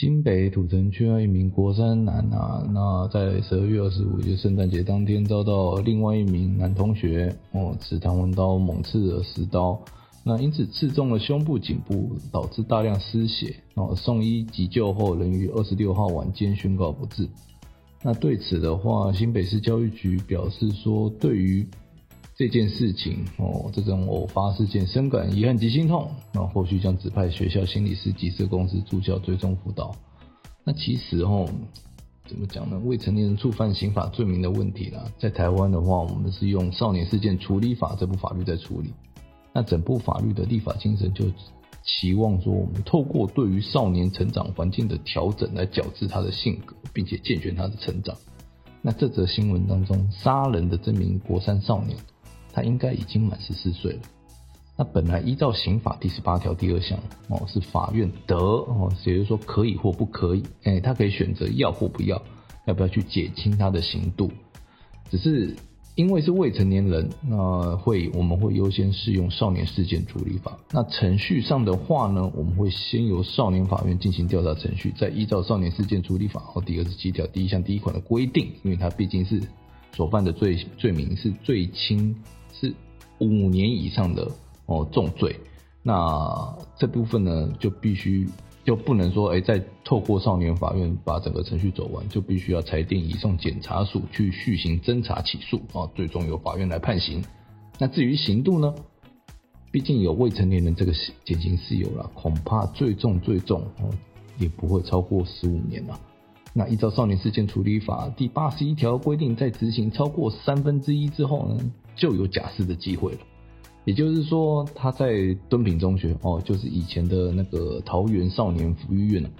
新北土城區一名國三男啊，那在十二月二十五日聖誕節當天，遭到另外一名男同學哦，持彈簧刀猛刺了十刀，那因此刺中了胸部、頸部，導致大量失血哦，送醫急救後，仍於二十六號晚間宣告不治。那對此的話，新北市教育局表示說，對於。這件事情哦，這種偶發事件深感遺憾及心痛，那、哦、後續將指派學校心理師及社工師助教追蹤輔導。那其實哦，怎麼講呢？未成年人觸犯刑法罪名的問題啦，在台灣的話，我們是用《少年事件處理法》這部法律在處理。那整部法律的立法精神就期望說，我們透過對於少年成長環境的調整來矯治他的性格，並且健全他的成長。那這則新聞當中，殺人的這名國三少年，他應該已經滿十四歲了，那本來依照刑法第十八條第二項哦，是法院得哦，也就是說可以或不可以，哎、欸，他可以選擇要或不要，要不要去減輕他的刑度？只是因為是未成年人，那會我們會優先適用少年事件處理法。那程序上的話呢，我們會先由少年法院進行調查程序，再依照少年事件處理法、哦、第二十七條第一項第一款的規定，因為他畢竟是所犯的罪罪名是最輕。是五年以上的哦，重罪，那這部分呢，就必須就不能說哎、欸，再透過少年法院把整個程序走完，就必須要裁定移送檢察署去續行偵查起訴啊，最終由法院來判刑。那至於刑度呢，畢竟有未成年人這個減刑事由啦，恐怕最重最重也不會超過十五年嘛。那依照《少年事件處理法》第八十一條規定，在執行超過三分之一之後呢，就有假釋的機會了，也就是說，他在敦品中學哦，就是以前的那個桃園少年福利院啊，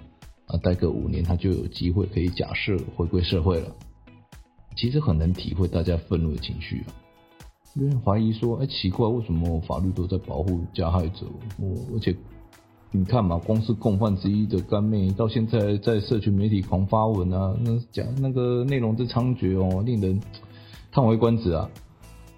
呃、待個五年，他就有機會可以假釋回歸社會了。其實很能體會大家憤怒的情緒啊，有人懷疑說，哎、欸，奇怪，為什麼法律都在保護加害者？我、哦、而且你看嘛，光是共犯之一的乾妹，到現在在社群媒體狂發文啊，那講那個內容之猖獗哦，令人嘆為觀止啊。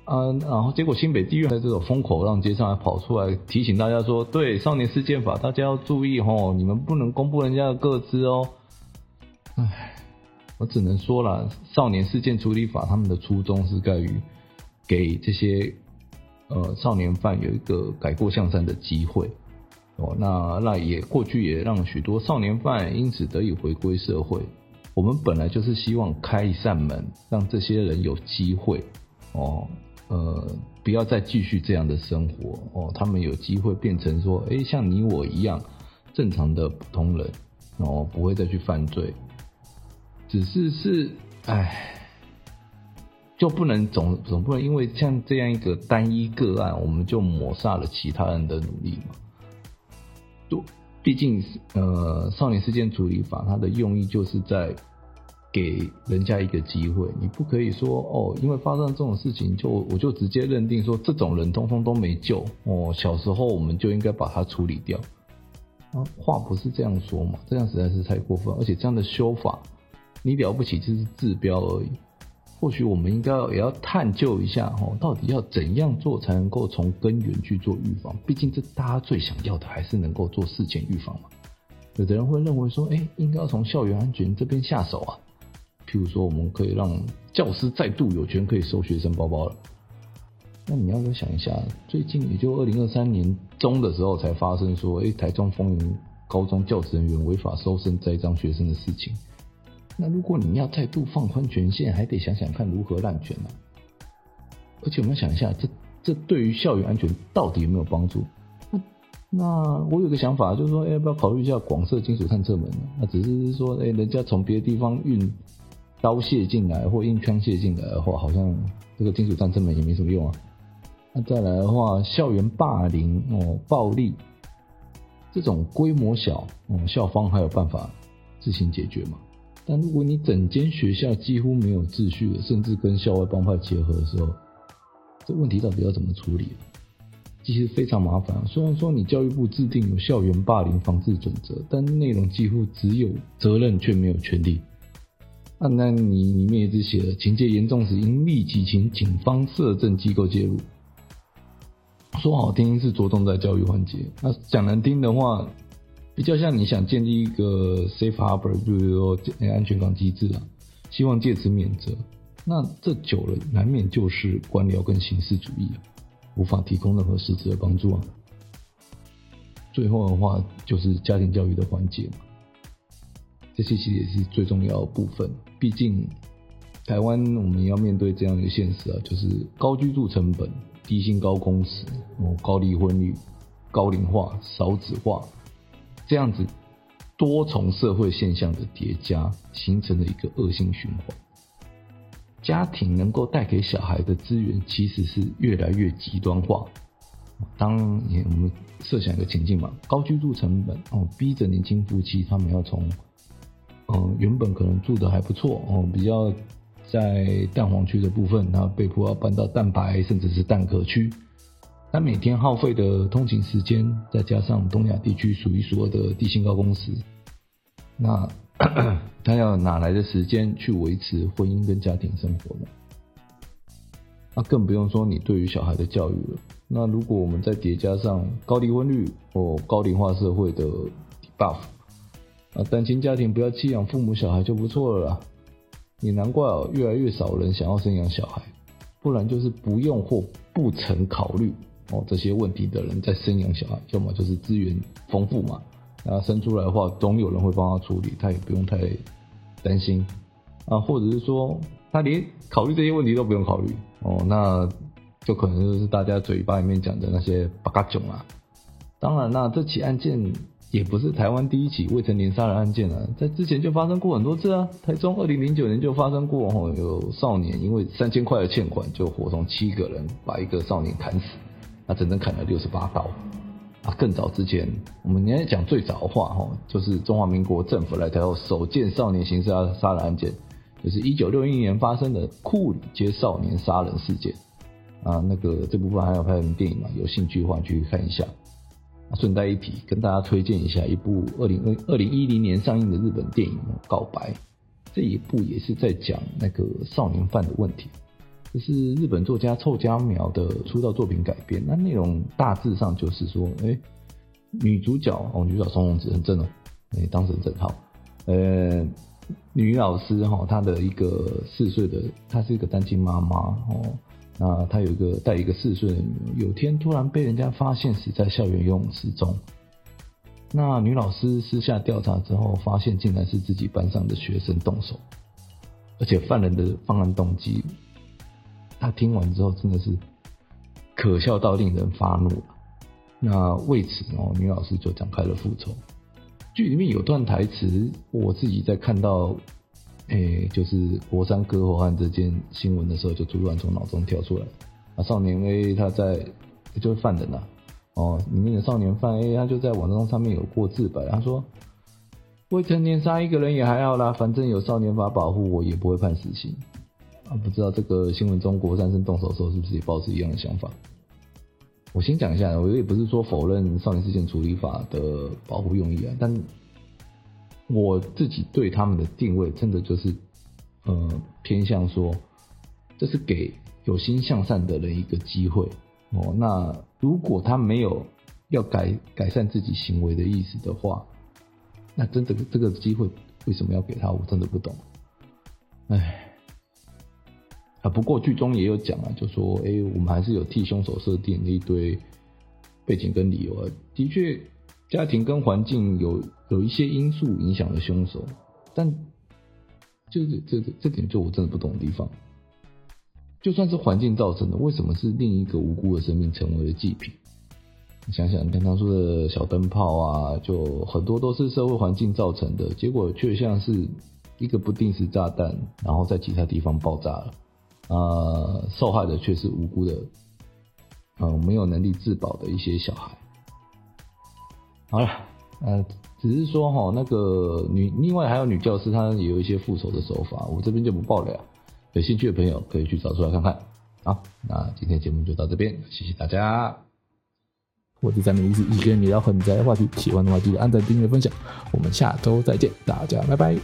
嗯、啊，然後結果新北地院的這種風口浪尖上還跑出來提醒大家說，對少年事件法，大家要注意吼、哦，你們不能公布人家的個資哦。唉，我只能說啦，少年事件處理法他們的初衷是在於給這些呃少年犯有一個改過向善的機會哦。那那也過去也讓許多少年犯因此得以回歸社會。我們本來就是希望開一扇門，讓這些人有機會哦。呃，不要再繼續這樣的生活哦。他們有機會變成說，誒，像你我一樣正常的普通人，然後不會再去犯罪。只是是，哎，就不能總總不能因為像這樣一個單一個案，我們就抹殺了其他人的努力嘛？都，畢竟呃，少年事件處理法，它的用意就是在。給人家一個機會，你不可以說哦，因為發生這種事情就，就我就直接認定說這種人通通都沒救哦。小時候我們就應該把它處理掉啊，話不是這樣說嘛，這樣實在是太過分。而且這樣的修法，你了不起就是治標而已。或許我們應該也要探究一下哦，到底要怎樣做才能夠從根源去做預防？畢竟這大家最想要的還是能夠做事前預防嘛。有的人會認為說，哎、欸，應該要從校園安全這邊下手啊。譬如說，我們可以讓教師再度有權可以搜學生包包了。那你要不要想一下，最近也就二零二三年中的時候才發生說，哎、欸，台中豐原高中教職人員違法搜身栽贓學生的事情。那如果你要再度放寬權限，還得想想看如何濫權呢？啊。而且我們要想一下，這這對於校園安全到底有沒有幫助？那那，我有個想法，就是說，欸、要不要考慮一下廣設金屬探測門呢？那只是說，哎、欸，人家從別的地方運刀械進來或硬槍械進來的話，好像這個金屬戰爭門也沒什麼用啊。那、啊、再來的話，校園霸凌哦，暴力這種規模小哦、嗯，校方還有辦法自行解決嘛？但如果你整間學校幾乎沒有秩序，甚至跟校外幫派結合的時候，這問題到底要怎麼處理？其實非常麻煩、啊。雖然說你教育部制定有校園霸凌防治準則，但內容幾乎只有責任卻沒有權利。那那你裡面一直寫了情節嚴重時，應立即請警方社政機構介入。說好聽是着重在教育環節，那講難聽的話，比較像你想建立一個 safe harbor，就是說安全港機制啊，希望借此免責。那這久了難免就是官僚跟形式主義啊，無法提供任何實質的幫助啊。最後的話就是家庭教育的環節嘛，這些其實也是最重要的部分。畢竟，台灣我們要面對這樣一個現實啊，就是高居住成本、低薪高工時、高離婚率、高齡化、少子化，這樣子多重社會現象的疊加，形成了一個惡性循環。家庭能夠帶給小孩的資源其實是越來越極端化。當年我們設想一個情境嘛，高居住成本哦，逼着年輕夫妻他們要從。嗯，原本可能住的還不錯哦，比較在蛋黃區的部分，然後被迫要搬到蛋白甚至是蛋殼區，他每天耗費的通勤時間，再加上東亞地區數一數二的低薪高工時，那咳咳他要哪來的時間去維持婚姻跟家庭生活呢？那、啊、更不用說你對於小孩的教育了。那如果我們再疊加上高離婚率或高齡化社會的 buff。啊，單親家庭不要棄養父母小孩就不錯了，也難怪哦，越來越少人想要生養小孩，不然就是不用或不曾考慮哦，這些問題的人在生養小孩，要麼就是資源豐富嘛，然後生出來的話總有人會幫他處理，他也不用太擔心啊，或者是說他連考慮這些問題都不用考慮哦，那就可能就是大家嘴巴裡面講的那些八嘎囧啊，當然，那這起案件。也不是台灣第一起未成年殺人案件了、啊，在之前就發生過很多次啊。台中二零零九年就發生過，哦，有少年因為三千塊的欠款，就夥同七個人把一個少年砍死，啊整整砍了六十八刀。啊，更早之前，我們應該講最早的話，吼，就是中華民國政府來台後首件少年刑事殺殺人案件，就是一九六一年發生的庫裡街少年殺人事件。啊，那個這部分還有拍什麼電影嗎？有興趣的話去看一下。順帶一提，跟大家推薦一下一部二零二二零一零年上映的日本電影《告白》，這一部也是在講那個少年犯的問題，這是日本作家湊佳苗的出道作品改編。那內容大致上就是說，哎、欸，女主角哦，女主角松隆子很正哦，哎、欸，當時很正好，呃、欸，女老師哈、哦，她的一個四歲的，她是一個單親媽媽哦。啊，那他有一個帶一個四歲的女兒，有天突然被人家發現死在校園游泳池中。那女老師私下調查之後，發現竟然是自己班上的學生動手，而且犯人的犯案動機，她聽完之後真的是可笑到令人發怒，那為此哦，女老師就展開了復仇。劇裡面有段台詞，我自己在看到，哎、欸，就是國三割喉案這件新聞的時候，就突然從腦中跳出來。啊，少年 A、欸、他在，欸、就是犯人吶、啊，哦，裡面的少年犯 A、欸、他就在網絡上面有過自白，他說：未成年殺一個人也還好啦，反正有少年法保護，我也不會判死刑。啊，不知道這個新聞中國三生動手的時候是不是也保持一樣的想法？我先講一下，我也不是說否認少年事件處理法的保護用意啊，但。我自己對他們的定位，真的就是，呃，偏向說，這是給有心向善的人一個機會哦。那如果他沒有要改改善自己行為的意思的話，那真的這個機會為什麼要給他？我真的不懂。哎，啊，不過劇中也有講啊，就說，哎、欸，我們還是有替凶手設定了一堆背景跟理由啊，的確。家庭跟環境有有一些因素影響了兇手，但就是這這這點就我真的不懂的地方。就算是環境造成的，為什麼是另一個無辜的生命成為了祭品？你想想你剛剛說的小燈泡啊，就很多都是社會環境造成的結果，卻像是一個不定時炸彈，然後在其他地方爆炸了，啊、呃，受害的卻是無辜的，嗯、呃，沒有能力自保的一些小孩。好了，呃，只是說哈，那個女，另外還有女教師，她也有一些復仇的手法，我這邊就不報了呀。有興趣的朋友可以去找出來看看。好，那今天節目就到這邊，謝謝大家。我是宅米律師，一直跟你聊很宅的話題，喜歡的話記得按贊、訂閱、分享。我們下周再見，大家拜拜。